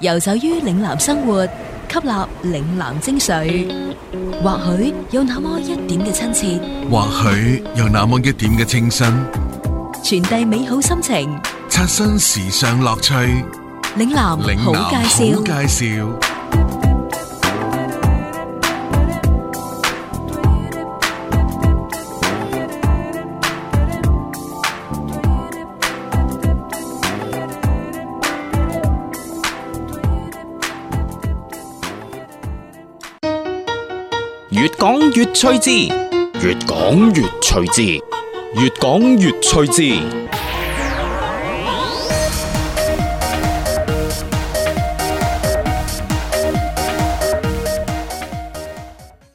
遊走於嶺南生活，吸納嶺南精髓，或許有那麼一點嘅親切，或許有那麼一點嘅清新，傳遞美好心情，刷新時尚樂趣。嶺南好介紹。越趣字，越講越趣字，越講越趣字。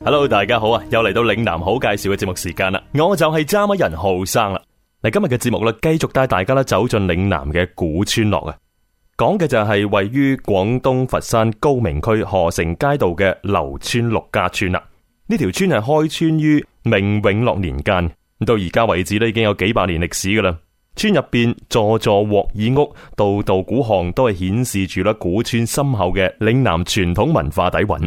Hello，大家好啊！又嚟到嶺南好介紹嘅節目時間啦。我就係揸乜人浩生啦。嚟今日嘅節目咧，繼續帶大家咧走進嶺南嘅古村落啊。講嘅就係位於廣東佛山高明區荷城街道嘅流村陸家村啦。呢條村係開村於明永樂年間，到而家為止咧，已經有幾百年歷史噶啦。村入邊座座鑊耳屋，道道古巷都係顯示住咧古村深厚嘅嶺南傳統文化底蘊。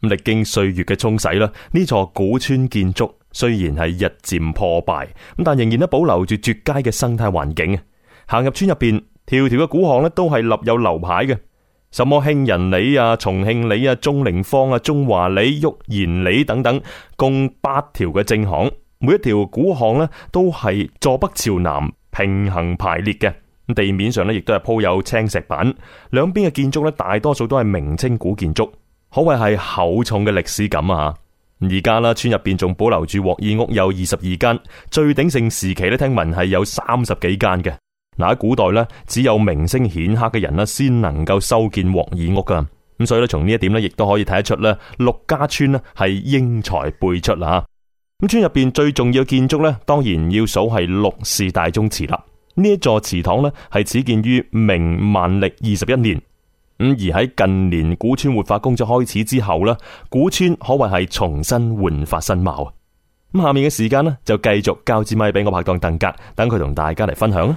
咁歷經歲月嘅沖洗啦，呢座古村建築雖然係日漸破敗，但仍然都保留住絕佳嘅生態環境。行入村入邊，條條嘅古巷咧都係立有樓牌嘅。什麼慶仁里啊、重慶里啊、中寧坊啊、中華里、玉賢里等等，共八條嘅正巷，每一條古巷咧都係坐北朝南、平行排列嘅。地面上咧亦都係鋪有青石板，兩邊嘅建築咧大多數都係明清古建築，可謂係厚重嘅歷史感啊！而家啦，村入邊仲保留住鑊耳屋有二十二間，最鼎盛時期咧聽聞係有三十幾間嘅。嗱，喺古代咧，只有名聲顯赫嘅人咧，先能夠修建鑊耳屋噶。咁所以咧，從呢一點咧，亦都可以睇得出咧，陸家村咧係英才輩出啦。咁，村入邊最重要嘅建築咧，當然要數係六氏大宗祠啦。呢一座祠堂咧，係始建於明萬曆二十一年。咁而喺近年古村活化工作開始之後咧，古村可謂係重新煥發新貌啊。咁下面嘅時間咧，就繼續交支咪俾我拍檔鄧格，等佢同大家嚟分享啦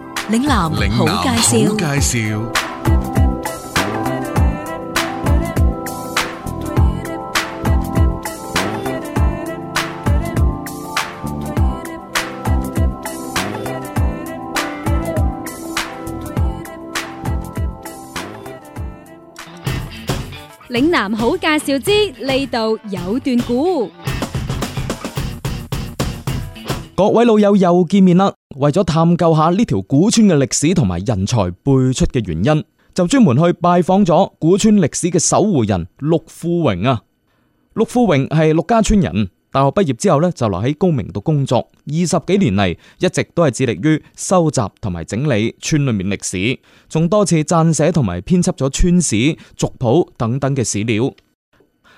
嶺南好介紹，嶺南好介紹。嶺南好介紹之呢度有段古。各位老友又見面啦！為咗探究下呢條古村嘅歷史同埋人才輩出嘅原因，就專門去拜訪咗古村歷史嘅守護人陸富榮啊。陸富榮係陸家村人，大學畢業之後呢，就留喺高明度工作，二十幾年嚟，一直都係致力於收集同埋整理村裏面歷史，仲多次撰寫同埋編輯咗村史、族譜等等嘅史料。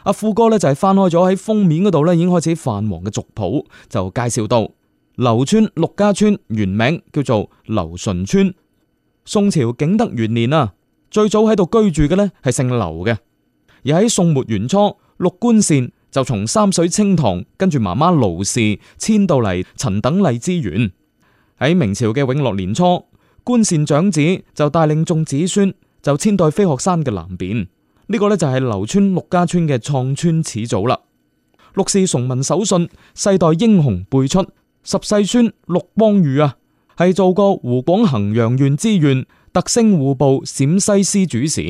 阿富哥呢，就係翻開咗喺封面嗰度呢已經開始泛黃嘅族譜，就介紹到。流村陸家村原名叫做劉順村。宋朝景德元年啊，最早喺度居住嘅咧係姓劉嘅。而喺宋末元初，陸官善就從三水清塘跟住媽媽盧氏遷到嚟陳等荔枝園。喺明朝嘅永樂年初，官善長子就帶領眾子孫就遷到飛鶴山嘅南邊。呢個咧就係流村陸家村嘅創村始祖啦。陸氏崇文守信，世代英雄輩出。十世孫陸光裕啊，係做過湖廣衡陽縣知縣、特升戶部陝西司主事；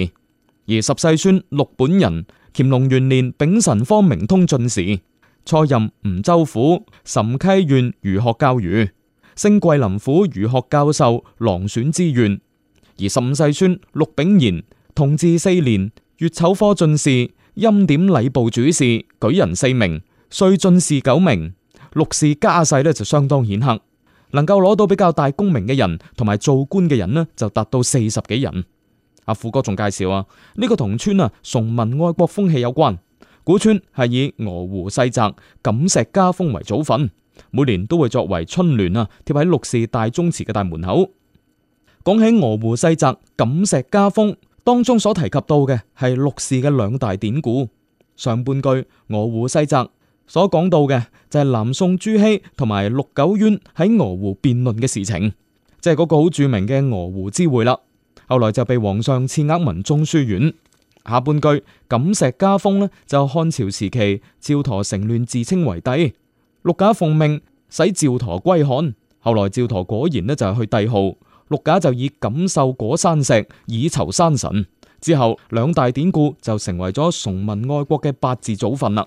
而十世孫陸本人，乾隆元年丙辰科明通進士，初任梧州府岑溪縣儒學教諭，升桂林府儒學教授、郎選知縣。而十五世孫陸炳賢，同治四年乙丑科進士，欽點禮部主事，舉人四名，歲進士九名。六氏家世咧就相當顯赫，能夠攞到比較大功名嘅人同埋做官嘅人呢就達到四十幾人。阿富哥仲介紹啊，呢個同村啊崇文愛國風氣有關。古村係以鵝湖西澤錦石家風為祖訓，每年都會作為春聯啊貼喺六氏大宗祠嘅大門口。講起鵝湖西澤錦石家風當中所提及到嘅係六氏嘅兩大典故，上半句鵝湖西澤。所講到嘅就係南宋朱熹同埋陸九淵喺鵝湖辯論嘅事情，即係嗰個好著名嘅鵝湖之會啦。後來就被皇上賜額文宗書院。下半句錦石家風呢，就漢朝時期趙佗成亂自稱為帝，陸賈奉命使趙佗歸漢。後來趙佗果然呢就係去帝號，陸賈就以錦繡果山石以酬山神。之後兩大典故就成為咗崇文愛國嘅八字祖訓啦。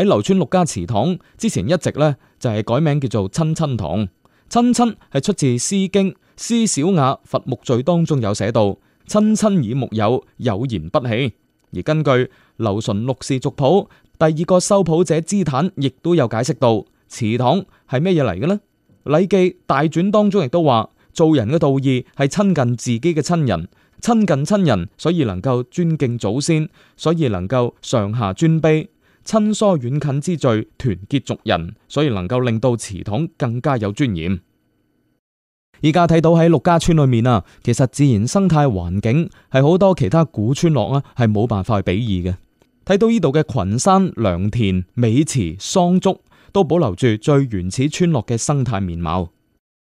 喺劉村六家祠堂之前一直咧就係、是、改名叫做親親堂。親親係出自《詩經》，詩小雅伐木序當中有寫到親親以木，有有言不喜。而根據劉純六氏族譜第二個修譜者之坦亦都有解釋到祠堂係咩嘢嚟嘅呢？禮記大傳當中亦都話做人嘅道義係親近自己嘅親人，親近親人，所以能夠尊敬祖先，所以能夠上下尊卑。親疏遠近之序，團結族人，所以能夠令到祠堂更加有尊嚴。而家睇到喺陸家村裏面啊，其實自然生態環境係好多其他古村落啊係冇辦法去比擬嘅。睇到呢度嘅群山、良田、美池、桑竹，都保留住最原始村落嘅生態面貌。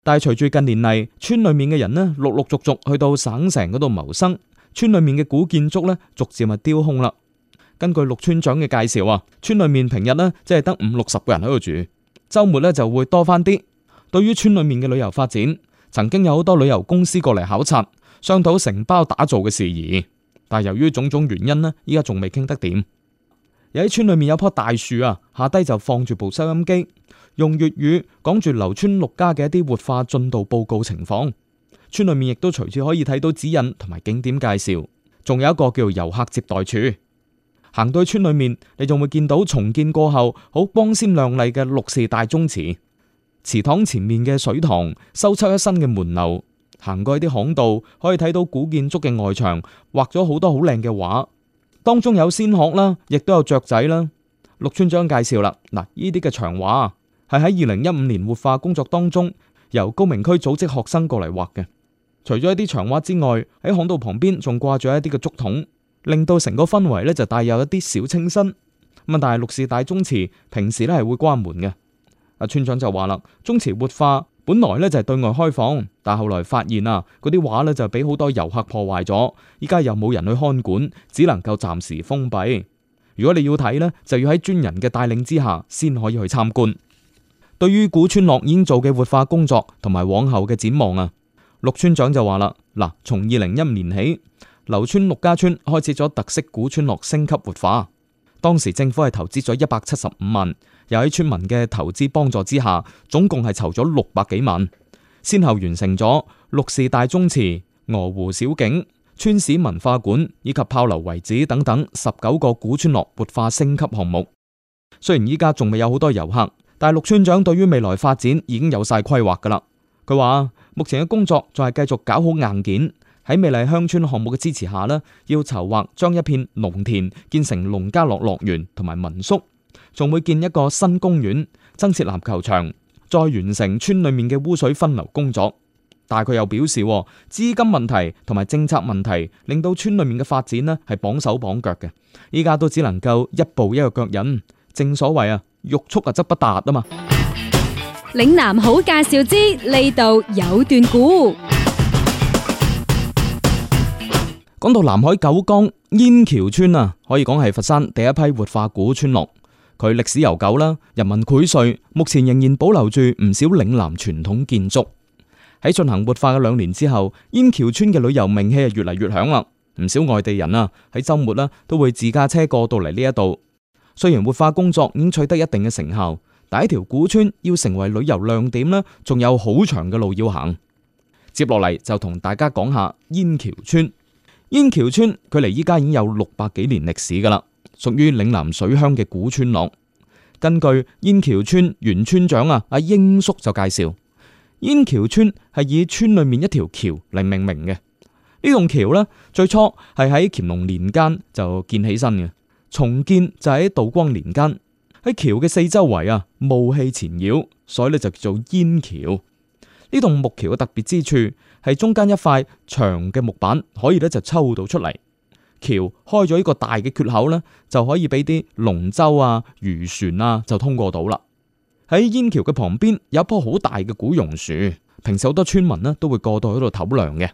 但係隨住近年嚟，村裏面嘅人呢，陸陸續續去到省城嗰度謀生，村裏面嘅古建築呢，逐漸啊雕空啦。根據陸村長嘅介紹啊，村裏面平日呢，即係得五六十個人喺度住，周末呢，就會多翻啲。對於村裏面嘅旅遊發展，曾經有好多旅遊公司過嚟考察，商討承包打造嘅事宜，但由於種種原因呢，依家仲未傾得掂。有喺村裏面有棵大樹啊，下低就放住部收音機，用粵語講住流村陸家嘅一啲活化進度報告情況。村裏面亦都隨處可以睇到指引同埋景點介紹，仲有一個叫遊客接待處。行到村裏面，你仲會見到重建過後好光鮮亮麗嘅陸氏大宗祠，祠堂前面嘅水塘修葺一新嘅門樓。行過一啲巷道，可以睇到古建築嘅外牆畫咗好多好靚嘅畫，當中有仙鶴啦，亦都有雀仔啦。陸村長介紹啦，嗱呢啲嘅牆畫係喺二零一五年活化工作當中，由高明區組織學生過嚟畫嘅。除咗一啲牆畫之外，喺巷道旁邊仲掛住一啲嘅竹筒。令到成個氛圍咧就帶有一啲小清新咁啊！但係六氏大宗祠平時咧係會關門嘅。阿村長就話啦：宗祠活化本來咧就係對外開放，但係後來發現啊，嗰啲畫咧就俾好多遊客破壞咗。依家又冇人去看管，只能夠暫時封閉。如果你要睇呢，就要喺專人嘅帶領之下先可以去參觀。對於古村落已經做嘅活化工作同埋往後嘅展望啊，六村長就話啦：嗱，從二零一五年起。流村陸家村開始咗特色古村落升級活化，當時政府係投資咗一百七十五萬，又喺村民嘅投資幫助之下，總共係籌咗六百幾萬，先後完成咗陸氏大宗祠、鵝湖小景、村史文化館以及炮樓遺址等等十九個古村落活化升級項目。雖然依家仲未有好多遊客，但陸村長對於未來發展已經有晒規劃㗎啦。佢話：目前嘅工作仲係繼續搞好硬件。喺美麗鄉村項目嘅支持下咧，要籌劃將一片農田建成農家樂樂園同埋民宿，仲會建一個新公園，增設籃球場，再完成村裏面嘅污水分流工作。但係佢又表示，資金問題同埋政策問題令到村裏面嘅發展咧係綁手綁腳嘅，依家都只能夠一步一個腳印。正所謂啊，欲速啊則不達啊嘛。嶺南好介紹之，呢度有段古。講到南海九江煙橋村啊，可以講係佛山第一批活化古村落。佢歷史悠久啦，人民薈萃，目前仍然保留住唔少嶺南傳統建築。喺進行活化嘅兩年之後，煙橋村嘅旅遊名氣係越嚟越響啦。唔少外地人啊，喺周末呢、啊，都會自駕車過到嚟呢一度。雖然活化工作已經取得一定嘅成效，但係條古村要成為旅遊亮點呢，仲有好長嘅路要行。接落嚟就同大家講下煙橋村。煙橋村距離依家已經有六百幾年歷史噶啦，屬於嶺南水鄉嘅古村落。根據煙橋村原村長啊、阿、啊、英叔就介紹，煙橋村係以村裏面一條橋嚟命名嘅。呢棟橋呢，最初係喺乾隆年間就建起身嘅，重建就喺道光年間。喺橋嘅四周圍啊，霧氣纏繞，所以咧就叫做煙橋。呢棟木橋嘅特別之處。係中間一塊長嘅木板，可以咧就抽到出嚟。橋開咗呢個大嘅缺口咧，就可以俾啲龍舟啊、漁船啦、啊、就通過到啦。喺煙橋嘅旁邊有一棵好大嘅古榕樹，平時好多村民呢都會過到喺度唞涼嘅。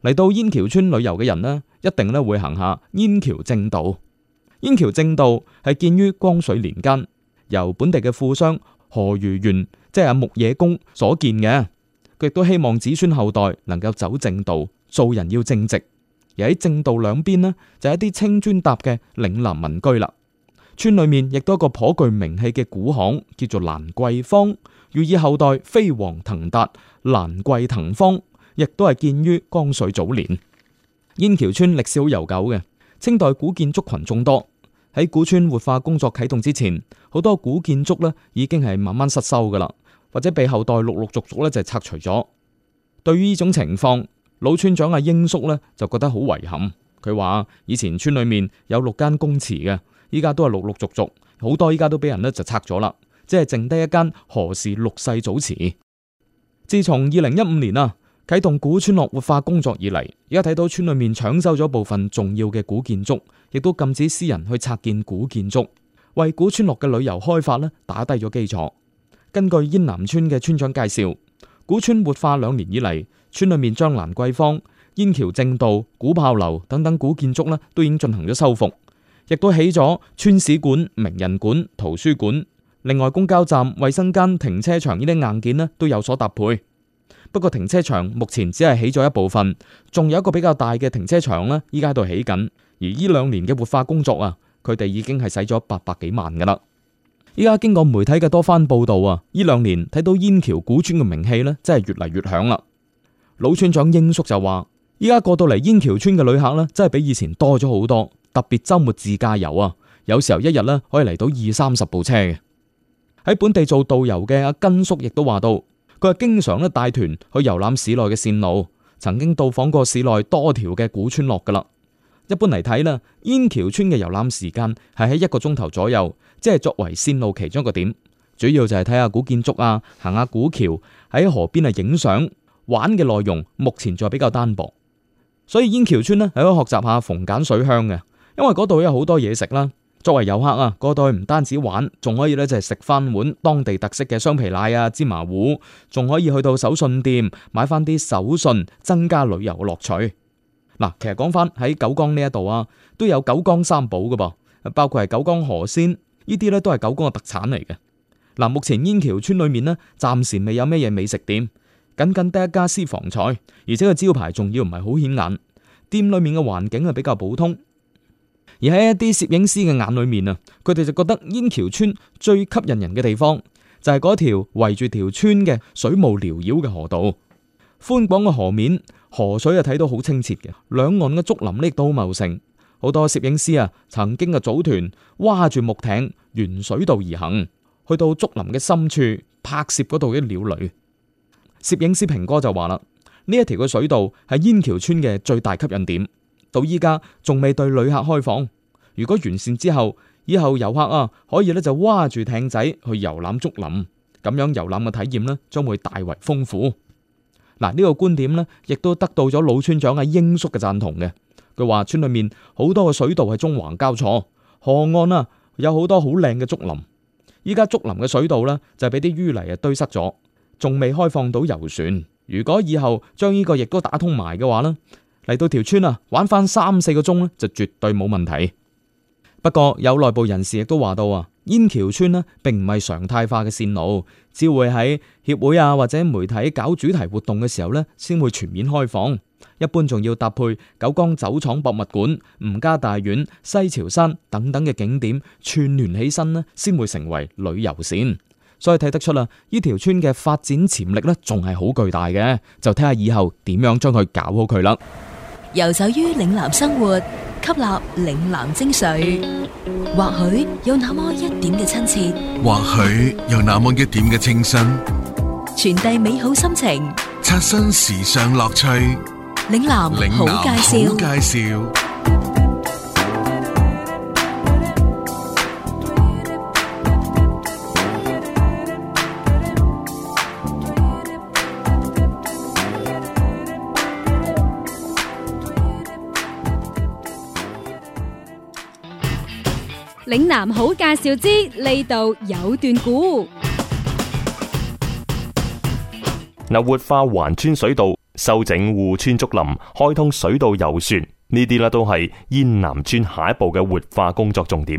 嚟到煙橋村旅遊嘅人呢，一定咧會行下煙橋正道。煙橋正道係建於光緒年間，由本地嘅富商何如元，即係阿木野公所建嘅。佢亦都希望子孫後代能夠走正道，做人要正直。而喺正道兩邊呢，就一啲青磚搭嘅嶺南民居啦。村裏面亦都一個頗具名氣嘅古巷，叫做蘭桂坊，寓意後代飛黃騰達，蘭桂騰芳。亦都係建於光緒早年。煙橋村歷史好悠久嘅，清代古建築群眾多。喺古村活化工作啟動之前，好多古建築呢已經係慢慢失修噶啦。或者被後代陸陸續續咧就拆除咗。對於呢種情況，老村長阿、啊、英叔咧就覺得好遺憾。佢話以前村裏面有六間公祠嘅，依家都係陸陸續續好多，依家都俾人咧就拆咗啦，即係剩低一間何氏六世祖祠。自從二零一五年啊啟動古村落活化工作以嚟，而家睇到村裏面搶修咗部分重要嘅古建築，亦都禁止私人去拆建古建築，為古村落嘅旅遊開發咧打低咗基礎。根據煙南村嘅村長介紹，古村活化兩年以嚟，村裏面將蘭桂坊、煙橋正道、古炮樓等等古建築呢都已經進行咗修復，亦都起咗村史館、名人館、圖書館，另外公交站、衛生間、停車場呢啲硬件呢都有所搭配。不過停車場目前只係起咗一部分，仲有一個比較大嘅停車場呢，依家喺度起緊。而呢兩年嘅活化工作啊，佢哋已經係使咗八百幾萬噶啦。依家經過媒體嘅多番報道啊，呢兩年睇到煙橋古村嘅名氣咧，真係越嚟越響啦。老村長英叔就話，依家過到嚟煙橋村嘅旅客咧，真係比以前多咗好多，特別周末自駕遊啊，有時候一日咧可以嚟到二三十部車嘅。喺本地做導遊嘅阿根叔亦都話到，佢係經常咧帶團去遊覽市內嘅線路，曾經到訪過市內多條嘅古村落噶啦。一般嚟睇呢，煙橋村嘅遊覽時間係喺一個鐘頭左右。即係作為線路其中一個點，主要就係睇下古建築啊，行下古橋，喺河邊啊影相玩嘅內容目前仲係比較單薄，所以煙橋村呢可以學習下逢簡水鄉嘅，因為嗰度有好多嘢食啦。作為遊客啊，過到去唔單止玩，仲可以呢就係食翻碗當地特色嘅雙皮奶啊芝麻糊，仲可以去到手信店買翻啲手信，增加旅遊嘅樂趣。嗱、啊，其實講翻喺九江呢一度啊，都有九江三寶嘅噃，包括係九江河鮮。呢啲咧都係九江嘅特產嚟嘅。嗱、啊，目前煙橋村裏面咧，暫時未有咩嘢美食店，僅僅得一家私房菜，而且個招牌仲要唔係好顯眼。店裏面嘅環境係比較普通。而喺一啲攝影師嘅眼裏面啊，佢哋就覺得煙橋村最吸引人嘅地方就係、是、嗰條圍住條村嘅水霧繚繞嘅河道，寬廣嘅河面，河水啊睇到好清澈嘅，兩岸嘅竹林咧都茂盛。好多攝影師啊，曾經嘅組團划住木艇沿水道而行，去到竹林嘅深處拍攝嗰度嘅鳥類。攝影師平哥就話啦：呢一條嘅水道係煙橋村嘅最大吸引點，到依家仲未對旅客開放。如果完善之後，以後遊客啊可以咧就划住艇仔去遊覽竹林，咁樣遊覽嘅體驗咧將會大為豐富。嗱，呢個觀點咧亦都得到咗老村長阿英叔嘅贊同嘅。佢話：村裏面好多嘅水道係縱橫交錯，河岸啊有好多好靚嘅竹林。依家竹林嘅水道呢，就俾啲淤泥啊堆塞咗，仲未開放到遊船。如果以後將呢個亦都打通埋嘅話呢，嚟到條村啊玩翻三四個鐘呢，就絕對冇問題。不過有內部人士亦都話到啊，煙橋村呢並唔係常態化嘅線路，只會喺協會啊或者媒體搞主題活動嘅時候呢，先會全面開放。一般仲要搭配九江酒廠博物館、吳家大院、西樵山等等嘅景點串聯起身咧，先會成為旅遊線。所以睇得出啦，呢條村嘅發展潛力咧仲係好巨大嘅，就睇下以後點樣將佢搞好佢啦。遊走於嶺南生活，吸納嶺南精髓，或許有那麼一點嘅親切，或許有那麼一點嘅清新，傳遞美好心情，刷新時尚樂趣。嶺南好介紹，嶺南好介紹。嶺南好介紹之呢度有段古，嗱，活化環村水道。修整護村竹林、開通水道遊船呢啲咧都係煙南村下一步嘅活化工作重點。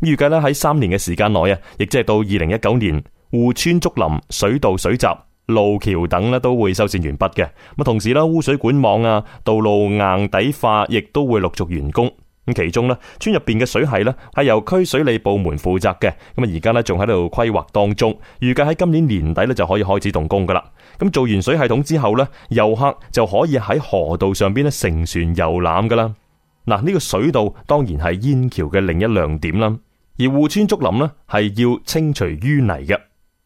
預計咧喺三年嘅時間內啊，亦即係到二零一九年，護村竹林、水道水閘、路橋等咧都會修繕完畢嘅。咁同時咧污水管網啊、道路硬底化亦都會陸續完工。咁其中咧，村入邊嘅水系咧，係由區水利部門負責嘅。咁啊，而家咧仲喺度規劃當中，預計喺今年年底咧就可以開始動工噶啦。咁做完水系統之後咧，遊客就可以喺河道上邊咧乘船遊覽噶啦。嗱，呢個水道當然係煙橋嘅另一亮點啦。而護村竹林咧係要清除淤泥嘅。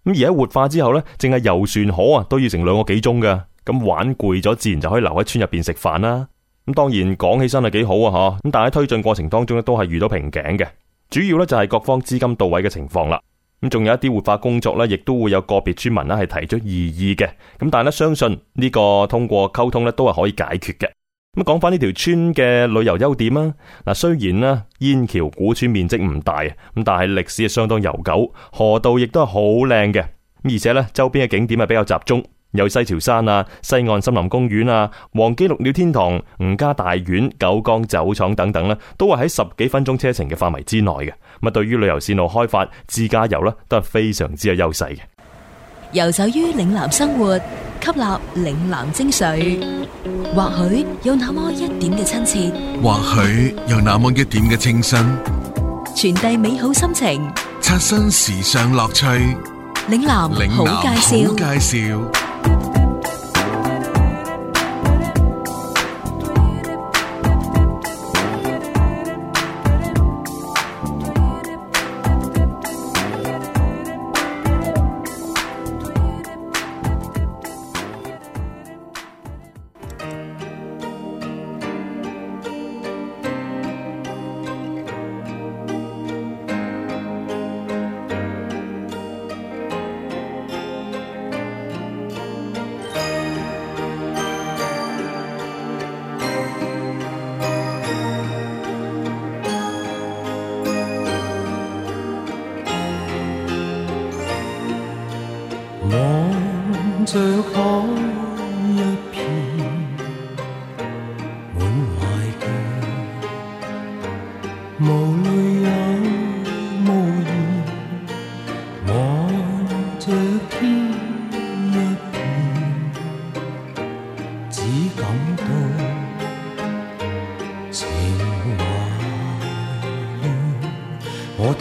咁而喺活化之後咧，淨係遊船河啊都要成兩個幾鐘噶。咁玩攰咗，自然就可以留喺村入邊食飯啦。咁當然講起身係幾好啊，嚇！咁但喺推進過程當中咧，都係遇到瓶頸嘅，主要咧就係各方資金到位嘅情況啦。咁仲有一啲活化工作咧，亦都會有個別村民咧係提出異議嘅。咁但係咧，相信呢個通過溝通咧，都係可以解決嘅。咁講翻呢條村嘅旅遊優點啦。嗱，雖然呢，煙橋古村面積唔大，咁但係歷史係相當悠久，河道亦都係好靚嘅，而且咧周邊嘅景點係比較集中，有西樵山啊、西岸森林公園啊、黃基綠鳥天堂、吳家大院、九江酒廠等等呢，啊、都係喺十幾分鐘車程嘅範圍之內嘅。咁啊，對於旅遊線路開發、自駕遊呢都係非常之有優勢嘅。游走於嶺南生活，吸納嶺南精髓，或許有那麼一點嘅親切，或許有那麼一點嘅清新，傳遞美好心情，刷新時尚樂趣。嶺南好介紹。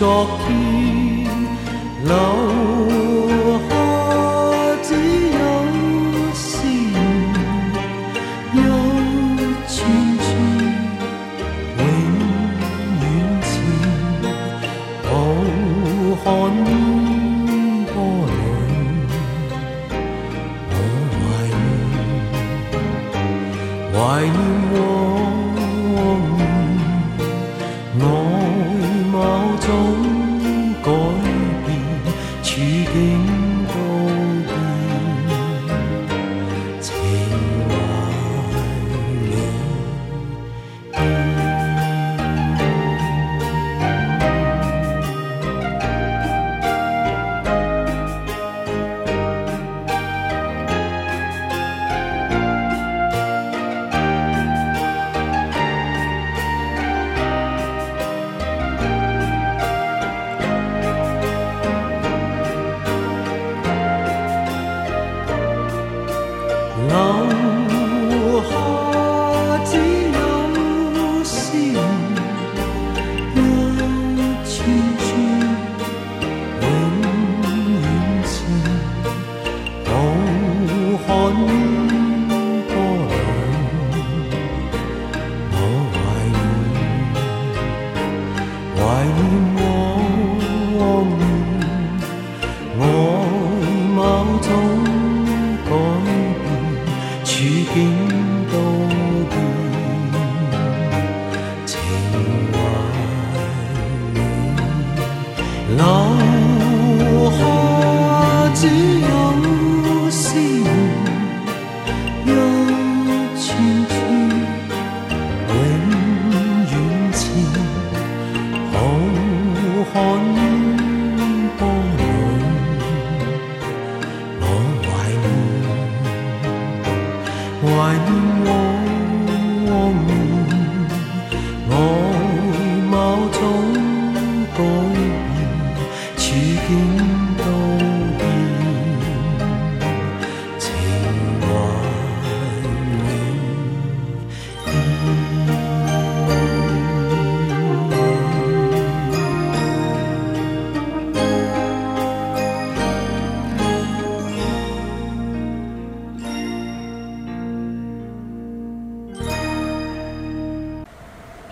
昨天。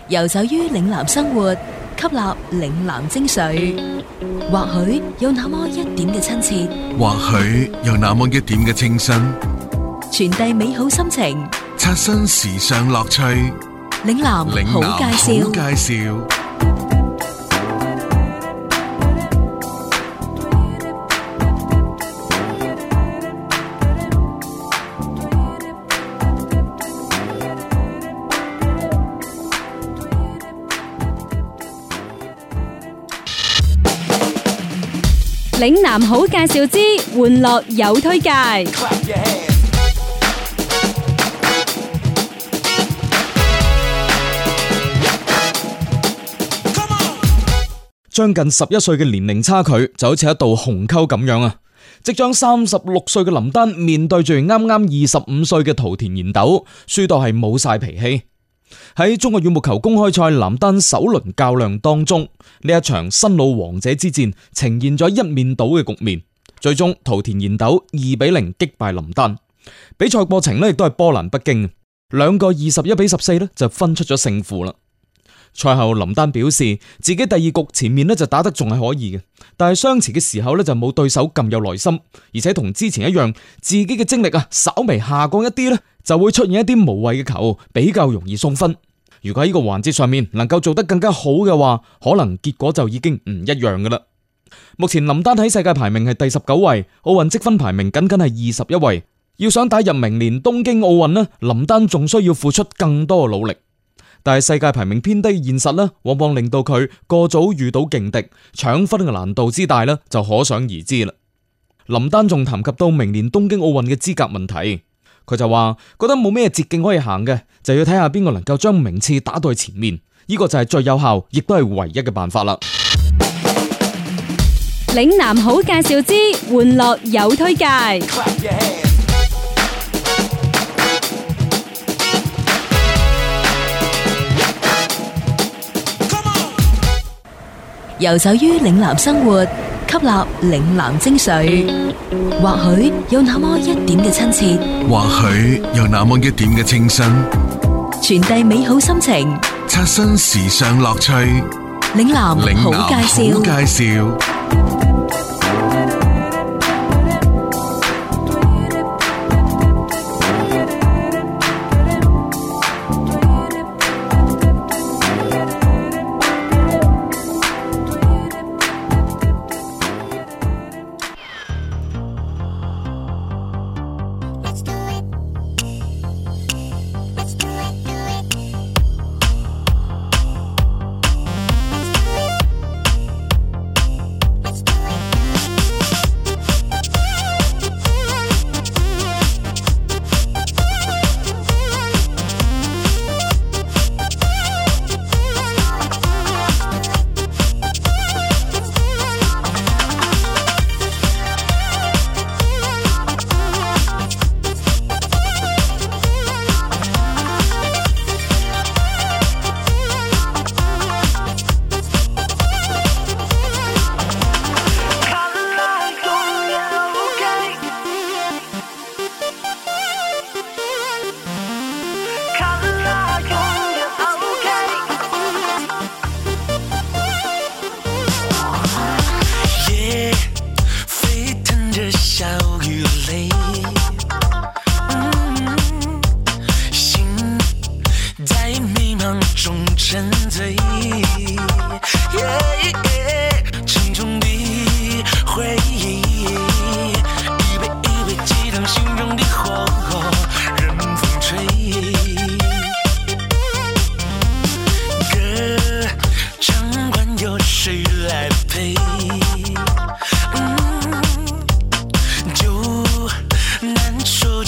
遊走於嶺南生活，吸納嶺南精髓，或許有那麼一點嘅親切，或許有那麼一點嘅清新，傳遞美好心情，刷新時尚樂趣。嶺南好介紹，好介紹。嶺南好介紹之，玩樂有推介。將近十一歲嘅年齡差距，就好似一道鴻溝咁樣啊！即將三十六歲嘅林丹面對住啱啱二十五歲嘅桃田賢斗，輸到係冇晒脾氣。喺中國羽毛球公開賽林丹首輪較量當中，呢一場新老王者之戰呈現咗一面倒嘅局面，最終桃田賢斗二比零擊敗林丹。比賽過程呢，亦都係波瀾不驚，兩個二十一比十四呢，就分出咗勝負啦。賽後林丹表示，自己第二局前面呢，就打得仲係可以嘅，但係相持嘅時候呢，就冇對手咁有耐心，而且同之前一樣，自己嘅精力啊稍微下降一啲呢。就會出現一啲無謂嘅球，比較容易送分。如果喺呢個環節上面能夠做得更加好嘅話，可能結果就已經唔一樣噶啦。目前林丹喺世界排名係第十九位，奧運積分排名僅僅係二十一位。要想打入明年東京奧運呢，林丹仲需要付出更多嘅努力。但係世界排名偏低，現實呢往往令到佢過早遇到勁敵，搶分嘅難度之大呢就可想而知啦。林丹仲談及到明年東京奧運嘅資格問題。佢就話覺得冇咩捷徑可以行嘅，就要睇下邊個能夠將名次打到前面，呢個就係最有效，亦都係唯一嘅辦法啦。嶺南好介紹之，玩樂有推介，your Come on. 遊走於嶺南生活。吸納嶺南精髓，或許有那麼一點嘅親切，或許有那麼一點嘅清新，傳遞美好心情，刷新時尚樂趣。嶺南，好介紹，好介紹。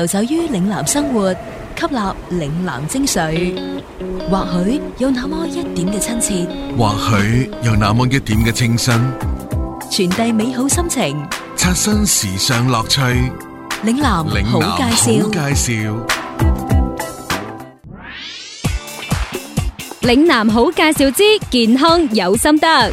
遊走於嶺南生活，吸納嶺南精髓，或許有那麼一點嘅親切，或許有那麼一點嘅清新，傳遞美好心情，刷新時尚樂趣。嶺南好介紹，嶺南好介紹，嶺南好介紹之健康有心得。